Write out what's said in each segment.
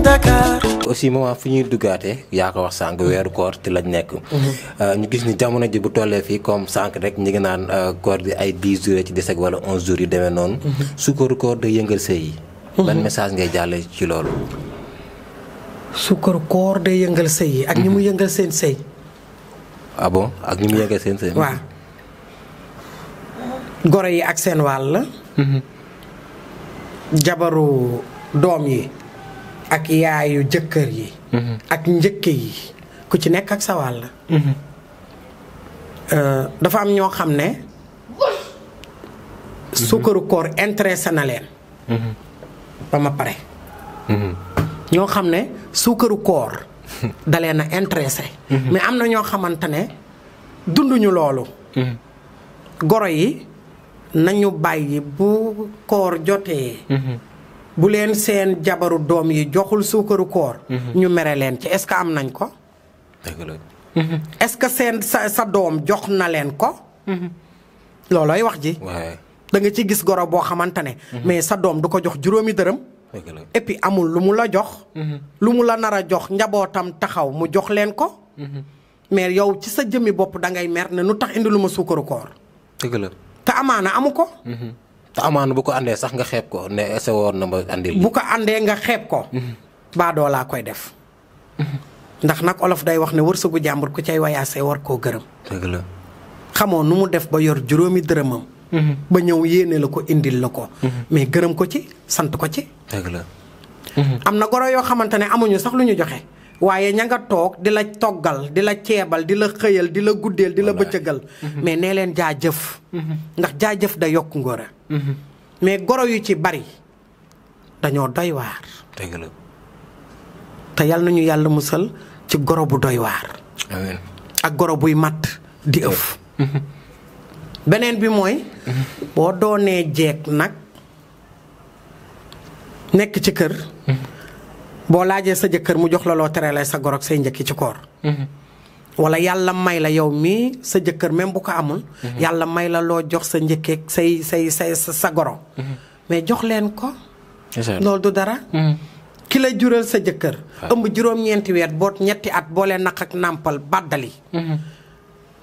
Dakar. aussi moment fu ñuy duggaatee yaa ko wax sànq weeru koor ci lañ nekk. Euh, ñu gis ni jamono ji bu tollee fii comme sànq rek ñu ngi naan euh, koor bi ay 10 jours ci des ak wala 11 jours yu demee noonu. sukkaru koor day yëngal sëy yi. ban message ngay jàlle ci loolu. sukkaru koor day yëngal sëy yi. ak ñi mu mhm. yëngal seen sëy. ah bon ak ñi mu yëngal seen sëy. waaw goro yi ak seen wàll. Mhm. jabaru doom yi. ak yaayu jëkkër yi. Mhm. ak njëkk yi ku ci nekk ak sa wàll. Mhm. Euh, dafa am ñoo xam ne. Mhm. sukkaru koor intéressé na leen. ba ma pare. ñoo xam ne suukaru koor da leen a intéressé. mais am na ñoo xamante ne dunduñu loolu. goro yi nañu bàyyi bu koor jotee. bu leen seen jabaru doom yi joxul suukaru koor. Mhm. ñu mere leen ci est-ce que am nañ ko. dëgg mhm. est-ce que seen sa sa doom jox na leen ko. Mhm. loolooy wax ji. da nga ci gis goro boo xamante ne. mais sa doom du ko jox juróomi dërëm. et amul lu mu la jox. lu mu la nar a jox njabootam taxaw mu jox leen ko. mais yow ci sa jëmmi bopp da ngay mer ne nu tax indi lu ma suukaru koor. la te amaana amu ko. te amaan bu ko andee sax nga xeeb ko ne ese woon na ma andil. bu ko andee nga xeeb ko. baadoo laa koy def. ndax nag olof day wax ne wërsëgu jàmbur ku cay wayaasee war koo gërëm. dëgg la. xamoo nu mu def ba yor juróomi dërëmam. Mhm. ba ñëw yéene la ko indil la ko. Mhm. mais gërëm ko ci sant ko ci. la. am na goro yoo xamante ne amuñu sax lu ñu joxe. waaye ña nga toog di la toggal di la ceebal di la xëyal di la guddeel di la bëccëgal mm-hmm. mais nee leen jaajëf mm-hmm. ndax jaajëf da yokk ngóora mm-hmm. mais goro yu ci bari dañoo doy waar te yal nañu yàlla musal ci goro bu doy waar ak goro buy matt di ëf beneen bi mooy boo doonee jeeg nag nekk ci kër boo laajee sa jëkkër mu jox la loo terale sa gor ak say njëkki ci koor mm-hmm. wala yàlla may la yow mii sa jëkkër même bu ko amul mm-hmm. yàlla may la loo jox sa njëkkeeg say say say sa goro mm-hmm. mais jox leen ko loolu du dara ki jural sa jëkkër ah. ëmb juróom-ñeenti weer boo ñetti at boo boole naq ak nàmpal bàddali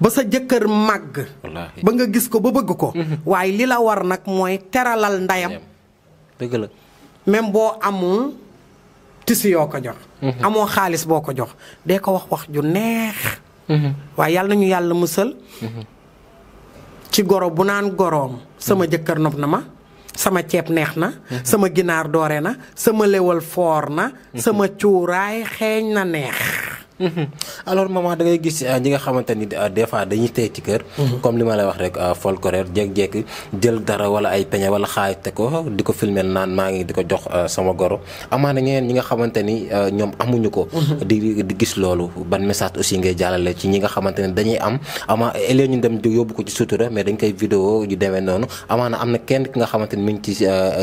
ba sa jëkkër màgg ba nga gis ko ba bëgg ko waaye li la war nag mooy teralal ndeyam dëgg boo amul tisi yoo ko jox. Mhm. amoo xaalis boo ko jox dee ko wax wax ju neex. Mhm. waaye yàlla nañu yàlla musal. Mhm. ci goro bu naan goroom sama jëkkër nopp na ma. sama ceeb neex na. sama ginaar doore na sama lewal foor na. sama cuuraay xeeñ na neex. Mm-hmm. alors maman da ngay gis euh, ñi nga xamante ni euh, des fois dañuy tey ci kër. Mm-hmm. comme li ma lay wax rek euh, folklore jékki-jékki jël dara wala ay peñe wala xaay te ko di ko filmer naan maa ngi di ko jox sama goro amaana ñeneen ñi nga xamante ni ñoom amuñu ko. Mm-hmm. di di gis loolu ban message aussi ngay jàllale ci ñi nga xamante ne dañuy am ama léegi ñu dem di yóbbu ko ci sutura mais dañ koy vidéo yu demee noonu amaana am na kenn ki nga xamante ni mu ngi ci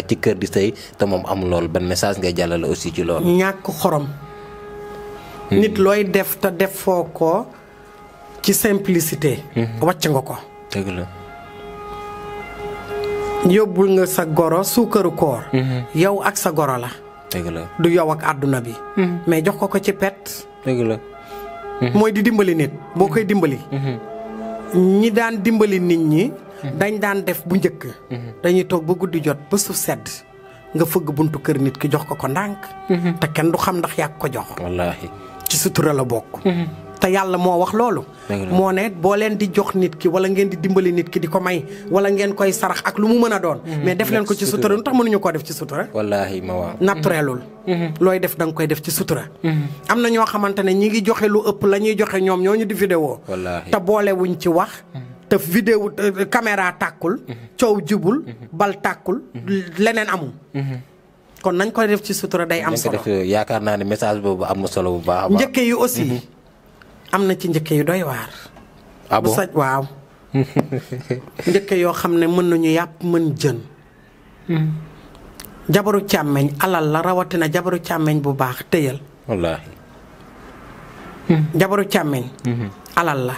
ci kër di sëy te moom amul loolu ban message ngay jàllale aussi ci loolu. ñàkk xorom. Mm-hmm. nit looy def te defoo ko ci simplicité. Mm-hmm. wacc nga ko. dëgg la. yóbbul nga sa goro suukaru koor. Mm-hmm. yow ak sa goro la. dëgg la du yow ak àdduna bi. mais jox ko ko ci pet. dëgg mooy di dimbali nit boo koy dimbali. ñi daan dimbali nit ñi. dañ daan def bu njëkk. dañuy toog ba guddi jot ba suuf sedd nga fëgg buntu kër nit ki jox ko ko ndànk. te kenn du xam ndax yaa ko jox. ci sutura la bokk. Mhm. te yàlla moo wax loolu. moo ne boo leen di jox nit ki wala ngeen di dimbali nit ki di ko may wala ngeen koy sarax ak lu mu mën a doon. Mhm. mais def leen ko ci sutura lu tax mënuñu naturelul. Mhm. looy def da koy def ci sutura. am na ñoo xamante ne ñi ngi joxe lu ëpp la ñuy joxe ñoom ñoo ñu di vidéo. wallaahi te boolewuñ ci wax. te vidéo caméra tàkkul. coow jubul. bal tàkkul leneen amul. kon nañ koy def ci sutura day am solo yaakaar naa ne message boobu am na solo bu baax njëkke yu aussi mhm. am na ci njëkke yu doy waar ah saj waaw njëkke yoo xam ne mën nañu yàpp mën jën mhm. jabaru càmmeñ alal la rawatina jabaru càmmeñ bu baax téyal wallaahi mhm. jabaru càmmeñ alal la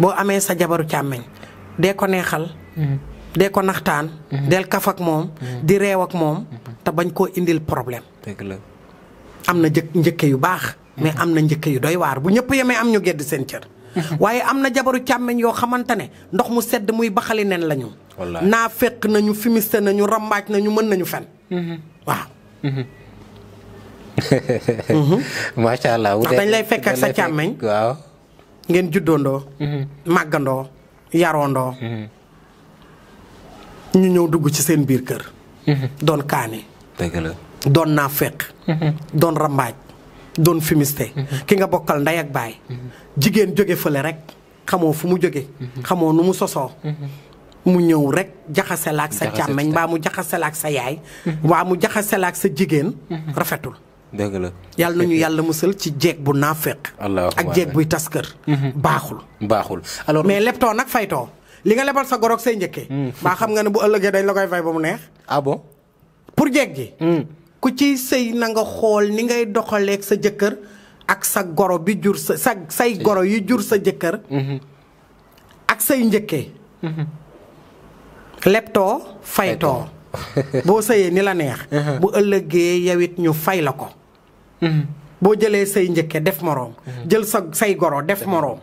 boo amee sa jabaru càmmeñ dee ko neexal dee ko naxtaan del kaf moom di reew ak moom te bañ koo indil problème. dëgg la am na jëkk njëkk yu baax. mais am na njëkk yu doy waar bu ñëpp yemee am ñu gedd seen cër. waaye am na jabaru càmmeñ yoo xamante ne ndox mu sedd muy baxali nen la ñu. naa fekk nañu fumiste nañu rambaaj nañu mën nañu fen mm-hmm. waaw. macha allah wu dañ lay fekk ak sa càmmeñ. waaw ngeen juddoondoo. Mm-hmm. màggandoo yaroondoo. Mm-hmm. ñu ñëw dugg ci seen biir kër. doon kaani doon naa feq doon rambaaj doon fumiste ki nga bokkal ndey ak baay jigéen jóge fale rek xamoo fu mu jóge xamoo nu mu sosoo mu ñëw rek jaxasela ak sa càmmeñ mbaa mu jaxasela ak sa yaay mbaa mu jaxasela sa jigéen rafetul dëgg la yàlla nañu yàlla musal ci jeeg bu naafeq ak jeeg buy tas kër mhm. baaxul baaxul alors mais leptoo nag faytoo li nga lebal sa goroog say njëkkee. Mm. mbaa xam nga ne bu ëllëgee dañ la koy fay ba mu neex. ah pour jeeg ji. Mm. ku ciy sëy na xool ni ngay doxaleeg sa jëkkër ak sa goro bi jur sa say goro yi jur sa jëkkër. Mm-hmm. ak say njëkkee. Mm-hmm. leptoo faytoo boo sëyee ni la neex. Uh-huh. bu ëllëgee yow it ñu fay la ko. Mm-hmm. boo jëlee say njëkke def moroom. jël sa say goro def moroom.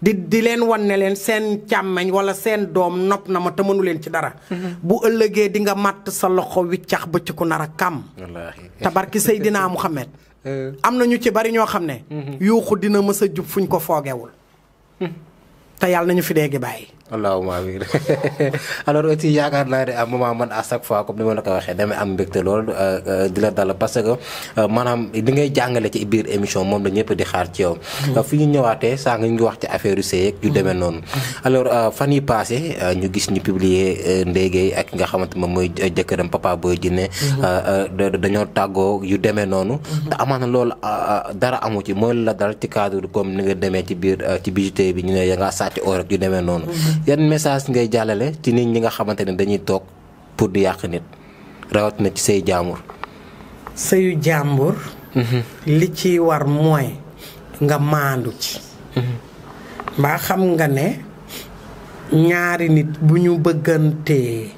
di di leen wan ne leen seen càmmeñ wala seen doom nopp na ma te mënu leen ci dara. Mm-hmm. bu ëllëgee di nga màtt sa loxo wiccax bëccëgu nar a kàmm. tabarki Seydina Muhammad eh. am na ñu ci bari ñoo xam ne. Mm-hmm. yuuxu dina mës a jub fuñ ko foogewul. Mm-hmm. te yàlla nañu fi dégg bàyyi. allahuma amiin alors aussi yaakaar naa ne à moment man à chaque fois comme ma la ko waxee damay am mbégte lool euh, euh, di la dal parce que euh, maanaam di ngay jàngale ci biir émission moom la ñëpp di xaar ci yow. Mm-hmm. fi ñu ñëwaatee saa nga ñu wax ci affaire yu seey yu demee mm-hmm. noonu. Mm-hmm. alors fan yi passé ñu gis ñu publier ndéegéey ak nga xamante moom mooy jëkkëram papa booy jinne dañoo tàggoo yu demee noonu. te na loolu dara amu ci mooy la dal ci cadre comme ni nga demee ci biir ci bijouterie bi ñu ne ya ngaa sàcc or ak yu demee noonu. yan message ngay jàllale ci nit ñi nga xamante ne dañuy toog pour di yàq nit rawat na ci sëy jaambur sëyu mhm. jaambur li ci war mooy nga maandu ci mhm. mbaa xam nga ne ñaari nit bu ñu bëggantee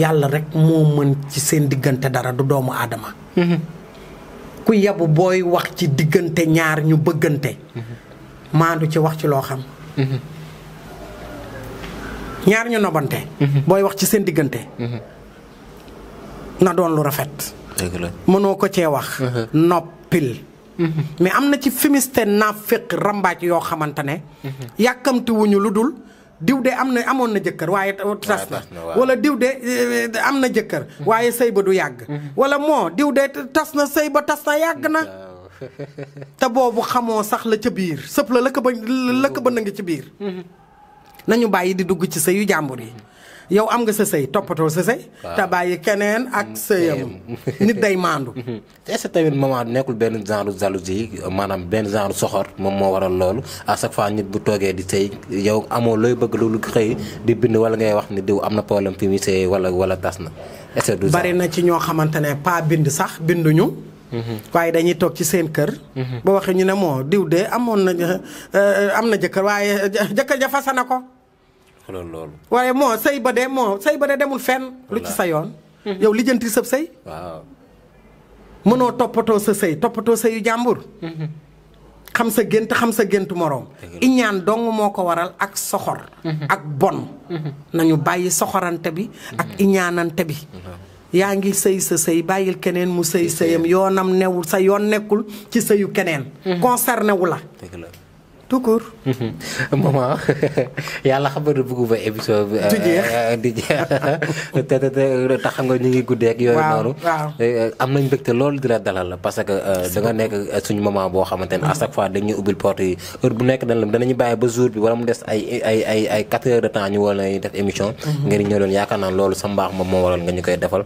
yàlla rekk moo mën ci seen diggante dara du doomu aadama mhm. ku yabu booy wax ci diggante ñaar ñu bëggante maandu ci wax ci loo xam ñaar ñu nobante. booy wax ci seen diggante. na doon lu rafet. mënoo ko cee wax. noppil. mais am na ci fumiste naaféq rambaaj yoo xamante ne. yàkkamti lu dul. diw de am na amoon na jëkkër waaye tas na wala diw de eh, am na jëkkër waaye sëy ba du yàgg wala moo diw de tas na sëy ba tas na yàgg na te boobu xamoo sax la ca biir sëpp la la ko la ko ba na ci biir nañu bàyyi di dugg ci sëyu jàmbur yi yow am nga sa sëy toppatoo sa sëy te bàyyi keneen ak mm, sëyam nit day maandu est-ce que tamit maman nekkul benn genre jalousie maanaam benn genre soxor moom moo waral loolu à chaque fois nit bu toogee di sëy yow amoo looy bëgg loolu xëy di bind wala ngay wax ni diw am na problème fi muy sëy wala wala tas na est-ce que du bari na ci ñoo xamante ne pas bind sax binduñu mhm. waaye dañuy toog ci seen kër. Mhm. ba waxee ñu ne moo diw de amoon na euh, am na jëkkër waaye jëkkër ja fase na ko. xoolal loolu. waaye moo sëy ba de moo sëy ba de demul fenn. lu ci sa yoon. yow lijjanti sab sëy. waaw. mënoo toppatoo sa sëy toppatoo sëyu jàmbur. Mhm. xam sa gént xam sa gént moroom. iñaan dong moo ko waral ak soxor. Mhm. ak bon. Mhm. nañu bàyyi soxorante bi. ak iñaanante bi. yaa ngi sëy sa sëy bàyyil keneen mu sëy sëyam yoonam newul sa yoon nekkul ci sëyu keneen. concerné wu la. tout court. maman yàlla xam nga bëggu ba émission bi. di jeex euh, di jeex te te tax ngi guddee ak yooyu noonu. Euh, euh, am nañ mbégte loolu di la dalal la parce que da nga nekk suñu maman boo xamante ne à chaque fois dañuy ubbil porte yi heure bu nekk dañ la danañu bàyyi ba jour bi wala mu des ay quatre heures de temps ñu war a def émission. Mhm. ngeen ñëw doon yaakaar naa loolu sa mbaax moom moo waral nga ñu koy defal.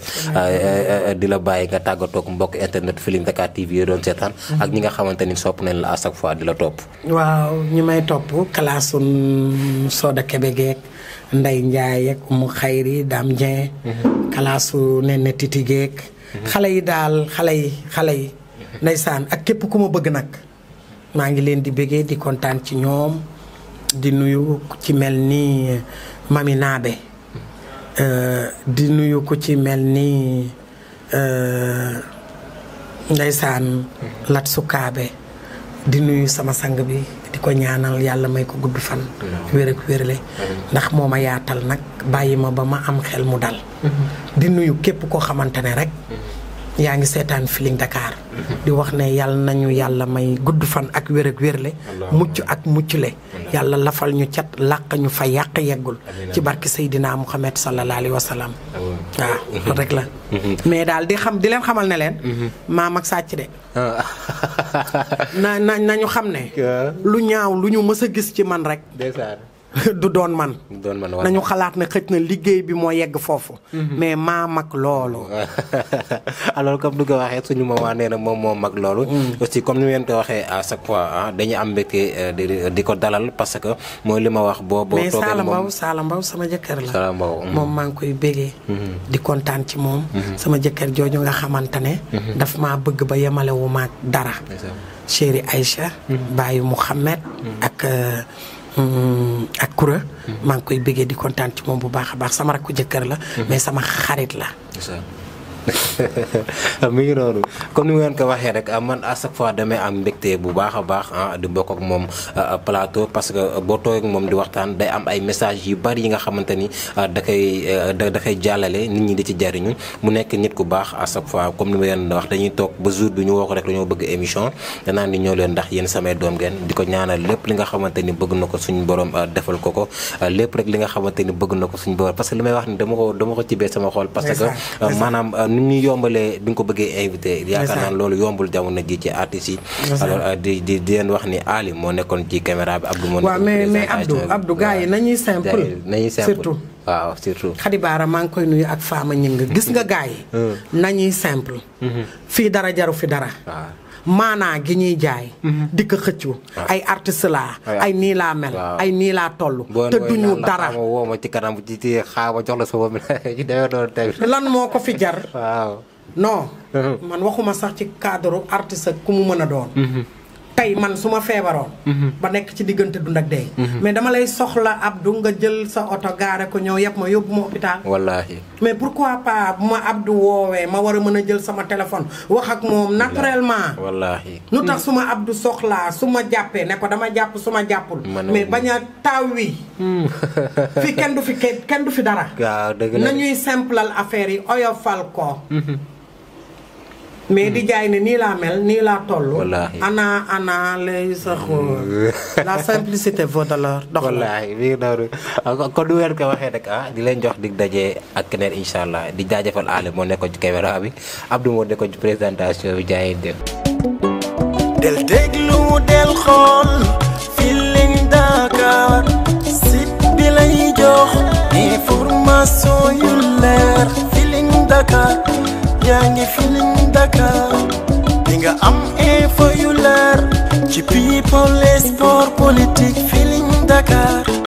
di la bàyyi nga tàggatoo ak mbokk internet Feeling Dakar TV yi doon seetaan. Mhm. ak ñi nga xamante ni sopp nañ la à chaque fois di la topp. waaw may topp kalaasun Soda Kébé geek Ndey Njaay ak mu xayri Dame Dieng kalaasu mhm. Nene Titi geek mhm. xale yi daal xale yi xale yi mhm. ndeysaan ak képp ku ma bëgg nag maa ngi leen di bëggee di kontaan ci ñoom di nuyu ci mel nii Mami euh, di nuyu ku ci mel nii euh, Ndeysaan Lat Sukaabe di nuyu sama sang bi di ko ñaanal yàlla may ko gudd fan. wér ak wérle ndax moo ma yaatal nag bàyyi ma ba ma am xel mu dal. Mm-hmm. di nuyu képp koo xamante ne rek. Mm-hmm. yaa ngi seetaan Feeling Dakar di wax ne yàlla nañu yàlla may gudd fan ak wér ak wérle mucc ak mucc le yàlla lafal ñu cat làq ñu fa yàq yeggul ci barke Seydina Muhammad sallallahu alayhi wa salaam waaw rek la mais daal di xam di leen xamal ne leen mhm. maam ak sàcc de na na nañu xam ne lu ñaaw lu ñu mës a gis ci man rek du doon man nañu xalaat na xëj na liggéey bi moo yegg foofu mhm. mais maa mag loolu alors comme du ko waxee suñu ma nee na moom moo mag loolu mm. aussi comme ni ngeen ko waxee à chaque fois ah, dañuy am mbégte euh, di ko dalal parce que mooy li ma wax boo boo mais Sala Mbaw sama jëkkër la mm. moom maa ngi koy bégee mm-hmm. di kontaan ci moom mm-hmm. sama jëkkër jooju nga xamante ne mm-hmm. daf maa bëgg ba yemalewu maag dara chéri Aïcha bàyyi Mouhamed ak euh, Mm, ak kura. Mm-hmm. maa ngi koy bëggee di kontaan ci moom bu baax a baax sama rakku jëkkër la. Mm-hmm. mais sama xarit la. Ah, mi ngi noonu comme ni ngeen ko waxee rek ah, man à chaque fois damay am mbégte bu baax a baax ah, di bokk moom palaato parce que boo toog moom di waxtaan day am ay messages yu bari yi nga xamante ni da koy eh, da koy jàllale nit ñi di ci jariñu mu nekk nit ku baax à chaque fois comme ni wax dañuy toog ba jour bi ñu woo ko rek dañoo bëgg émission danaa ni ñoo leen ndax yéen samay doom ngeen di ko ñaanal lépp li nga xamante ni bëgg na ko suñu borom defal ko ko lépp rek li nga xamante ni bëgg na ko suñu borom parce que li may wax ni dama ko dama ko cibee sama xol parce que maanaam ni ñu yombalee bi nga ko bëggee invité yaakaar naa loolu yombul jamono ji ci artistes yi alors euh, di di di wax ni Ali moo nekkoon ci caméra bi Abdou moo nekkoon mais yi nañuy simple nañuy simple surtout waaw surtout Khady Bara maa ngi koy nuyu ak ñi Ñing gis nga gars yi nañuy simple fii dara jaru fi dara maanaa gi ñuy jaay. Mhm. dikk ko xëccu. Ah. ay artiste ah. ay nii laa mel. ay nii laa toll. te dara ma ci kanam ci ci xaama jox sa bopp lan moo ko fi jar. waaw mhm. man waxuma sax ci cadre artiste ku mu mën a doon. Mhm. tey man su ma feebaroon. Mhm. ba nekk ci diggante dund ak dee. Mhm. mais dama lay soxla Abdou nga jël sa oto gaare ko ñëw yëpp ma yóbbu ma hôpital. wallaahi mais pourquoi pas bu ma Abdou woowee ma war a mën a jël sama téléphone wax ak moom naturellement. wallaahi lu tax mm. su ma Abdou soxlaa su ma jàppee ne ko dama jàpp su ma jàppul. mais bañ a taaw wi. Mm. fi kenn du fi kenn du fi dara. waaw dëgg la nañuy simplal affaire yi oyofal ko. Mhm. mais di jaay ne nii laa mel nii laa toll. ana ana lay sax la simplicité vaut de l'or. dox wallaahi mi du weer ko waxee rek ah di leen jox dig daje ak keneen incha allah di jaajëfal Aliou moo nekkoon ci caméra bi Abdou moo nekkoon ci présentation bi jaayeen del déglu del xool Feeling Dakar site bi lay jox information yu leer Feeling Dakar. yaa ngi nga am info yu leer ci people et sport politique Feeling Dakar